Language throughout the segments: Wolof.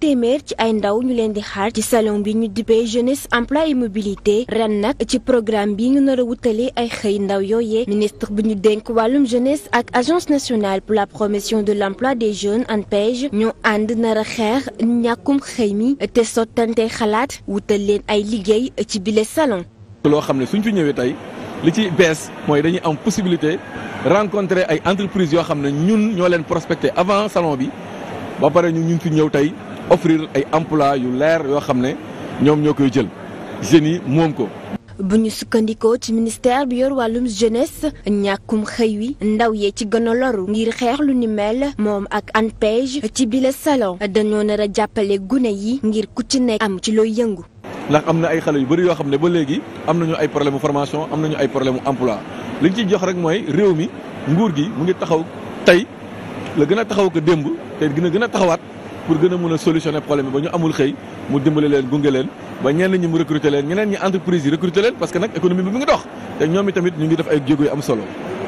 téeméer ci ay ndaw ñu leen di xaar ci salon bi ñu dibee jeunesse emploi et mobilité ren nag ci programme bi ñu nar a wutale ay xëy ndaw yooyee ministre bi ñu dénk wàllum jeunesse ak agence nationale pour la promotion de l'emploi des jeunes ANPEJ ñoo ànd nar a xeex ñàkkum xëy mi te sottante xalaat wutal leen ay liggéey ci bile salon. loo xam ne suñ fi ñëwee tey li ci bees mooy dañuy am possibilité rencontre ay entreprises yoo xam ne ñun ñoo leen prospecté avant salon bi ba pare ñu ñu fi ñëw offrir ay emploi yu leer yoo xam ne ñoom ñoo koy jël jeunes yi moom ko. bu ñu sukkandikoo ci ministère bi yor wàllum jeunesse ñàkkum xëy wi ndaw yee ci gën a loru ngir xeex lu ni mel moom ak ANPEJ ci bile salon dañoo nar a jàppale gune yi ngir ku ci nekk am ci looy yëngu. ndax am na ay xale yu bëri yoo xam ne ba léegi am nañu ay problème formation am nañu ay problème emploi li ñu ci jox rek mooy réew mi nguur gi mu ngi taxaw tey la gën a taxaw ko démb te dina gën a taxawaat. pour gën a mun a solutionner problème bi ba ñu amul xëy mu dimbale leen gunge leen ba ñenn ñi mu recruter leen ñeneen ñi entreprise yi recruter leen parce nag économie bi mu ngi dox te ñoom itamit ñu ngi def ay jéego yu am solo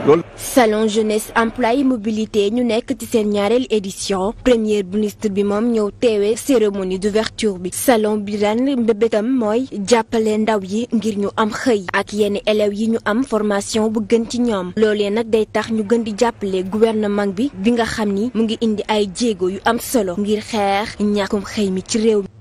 loolu. salon jeunesse emploi et mobilité ñu nekk ci seen ñaareelu édition premier ministre bi moom ñëw teewee cérémonie d'ouverture bi salon bi ren mbébétam mooy jàppale ndaw yi ngir ñu am xëy ak yenn élèves yi ñu am formation bu gën ci ñoom loolee nag day tax ñu gën di jàppale gouvernement bi bi nga xam ni mu ngi indi ay jéego yu am solo ngir xeex ñàkkum xëy mi ci réew mi